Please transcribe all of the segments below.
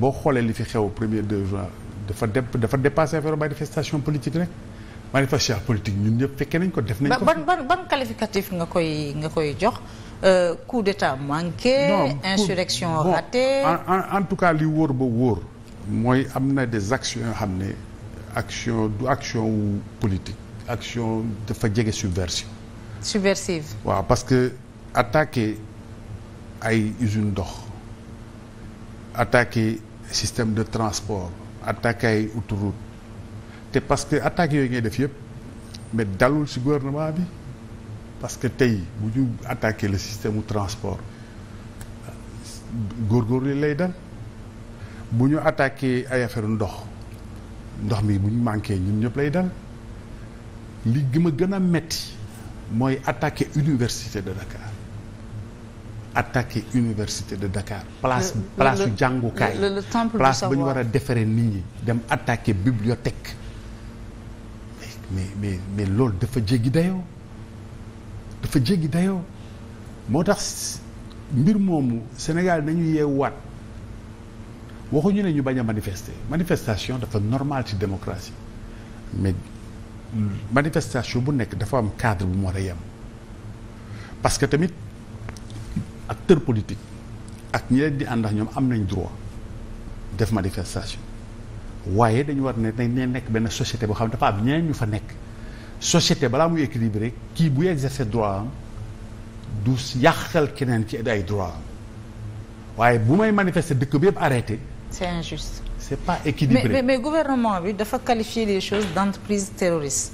boo xoolee li fi xew premier deux juin dafa de dafa dépassé affaire manifestation politique rek manifestation politique ñun ñëpp fekkee nañ ko def nañ ko ban ba ban qualificatif nga koy nga koy jox euh, coup d'état manqué insurrection ratée en tout cas li wóor ba wóor mooy am na des actions yoo xam ne action du action wu politique action dafa jege subversion subversive waaw parce que attaquer ay usine ndox attaqué système de transport attaqué ay autoroute te parce que attaques yooyu ngay def yëpp mais dalul ci gouvernement bi parce que tey bu ñu attaqué le système de transport góorgóorlu lay dal bu ñu attaqué ay affaire ndox ndox mi bu ñu manqué ñun ñëpp lay dal li ma gën a metti mooy attaqué université de Dakar attaqué université de Dakar. place le, place su jàngukaay. place ba ñu war a defaree nit ñi dem attaqué bibliothèque. mais mais mais loolu dafa jéggi dayoo dafa jéggi dayoo moo tax mbir moomu Sénégal nañu yeewaat waxuñu ne ñu bañ a manifester manifestation dafa normal ci démocratie mais manifestation bu nekk dafa am cadre bu mu war a yem parce que tamit. acteur politique ak ñi leen di àndax ñoom am nañ droit waaye dañu war ne dañ ne nekk benn société boo xam ne dafa am ñu fa nekk société balaa muy équilibré kii bu exercer droit am du yàqal keneen ci ay droit am waaye bu may manifester dëkk bi yëpp arrêté. c'est injuste. c'est pas équilibré mais mais, gouvernement bi dafa qualifier les choses d'entreprise terroriste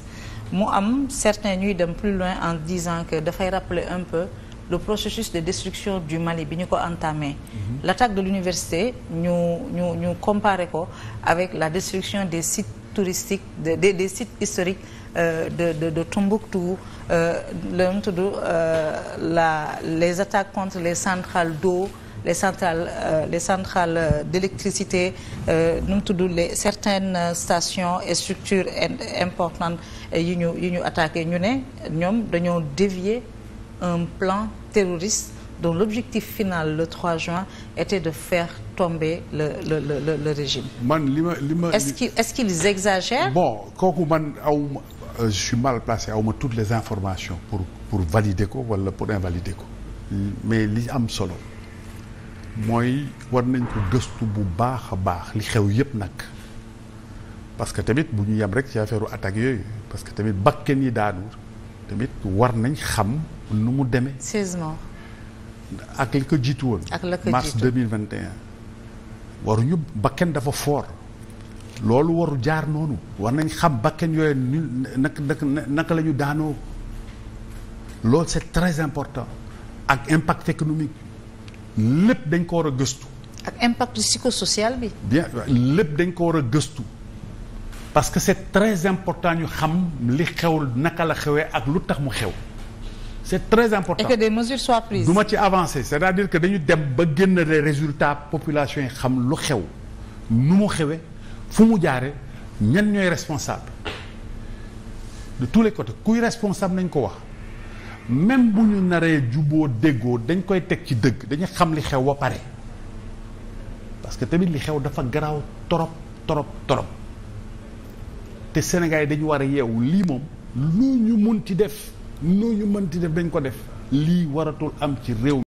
mu am certains ñuy dem plus loin en disant que dafay rappeler un peu. le processus de destruction du Mali bi ñu ko entamé. Mhm. l' attaque de l'université ñu ñu ñu comparé ko avec la destruction des sites touristiques de des, des sites historiques euh, de de de Tombouctou euh, la ñu tudd euh, la les attaques contre les centrales d'eau les centrales euh, les centrales euh, d'électricité nu mu tudd les certaines stations et structures importantes yi ñu yi ñu attaqué ñu ne ñoom dañoo dévier un plan terroriste dont l'objectif final le 3 juin était de faire tomber le le le le régime. man li ma li ma est-ce qu'ils est-ce qu'ils exagèrent. bon kooku man awma euh, je suis mal placé awma toutes les informations pour pour valider ko wala pour invalider ko mais li am solo mooy war nañ ko gëstu bu baax a baax li xew yépp nag parce que tamit bu ñu yem rek ci affaire attaque yooyu parce que tamit bakken yi daanu tamit war nañ xam. nu mu demee. 16 ak li ko jiitu woon. ak la ko jiitu mars waru waruñu bakken dafa foor loolu waru jaar noonu. war nañ xam bakken yooyu ni naka naka naka la daanoo. loolu c'est très important. ak impact économique. lépp dañ ko war a gëstu. ak impact psychosocial bi. bien lépp dañ ko war a gëstu. parce que c'est très important ñu xam li xewul naka la xewee ak lu tax mu xew. c'est très important et que des mesures soient prises. du ma ci avancer c'est-à-dire que dañu dem ba génn les résultats population yi xam lu xew nu mu xewee fu mu jaaree ñan ñooy responsable de tous les côtés kuy responsable nañ ko wax même bu ñu naree juboo déggoo dañ koy teg ci dëgg dañu xam li xew ba pare parce que tamit li xew dafa garaaw torop torop torop te Sénégal yi dañu war a yeewu lii moom lu ñu mun ci def. noo ñu mënti def dañ ko def lii waratul am ci réew